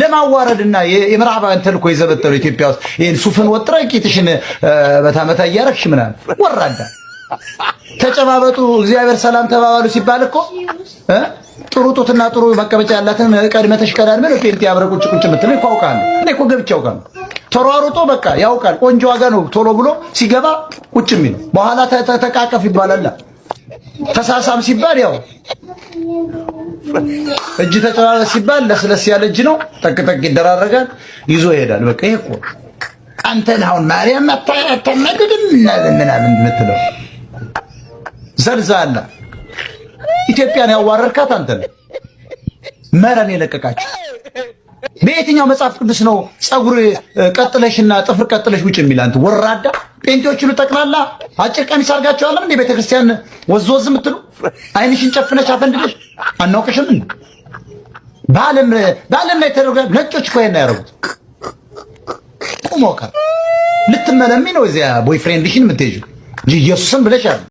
ለማዋረድና የምዕራባውያን ተልኮ የዘበጠሉ ኢትዮጵያ ውስጥ ይሄን ሱፍን ወጥረ ቂጥሽን በታመታ እያረግሽ ምናምን ወራዳ ተጨባበጡ፣ እግዚአብሔር ሰላም ተባባሉ ሲባል እኮ ጥሩ ጡትና ጥሩ መቀመጫ ያላትን ቀድመተሽ ቀዳድመን ጴንጤ አብረህ ቁጭ ቁጭ ምትል እኮ አውቃለሁ። እኔ እኮ ገብቼ አውቃለሁ። ተሯሩጦ በቃ ያውቃል። ቆንጆ ዋጋ ነው ቶሎ ብሎ ሲገባ ቁጭ የሚለው በኋላ ተቃቀፍ ይባላል። ተሳሳም ሲባል ያው እጅ ተጨባበጥ ሲባል ለስለስ ያለ እጅ ነው። ጠቅጠቅ ይደራረጋል፣ ይዞ ይሄዳል። በቃ ይሄ እኮ አንተን አሁን ማርያም አታናግድም ምናምን የምትለው ዘልዛላ ኢትዮጵያን ያዋረርካት አንተ ነው። መረን የለቀቃችሁ በየትኛው መጽሐፍ ቅዱስ ነው ፀጉር ቀጥለሽና ጥፍር ቀጥለሽ ውጭ የሚል አንተ ወራዳ ጴንጤዎች ሁሉ ጠቅላላ አጭር ቀሚስ አድርጋችሁ አለም እንዴ ቤተክርስቲያን ወዝ ወዝ የምትሉ አይንሽን ጨፍነሽ አፈንድልሽ አናውቅሽም። በዓለም ላይ ተደርጎ ነጮች እኮ ይሄን ያደረጉት ቁሞ ቀር ልትመለሚ ነው። እዚያ ቦይፍሬንድሽን የምትሄጂው እንጂ ኢየሱስን ብለሽ አለ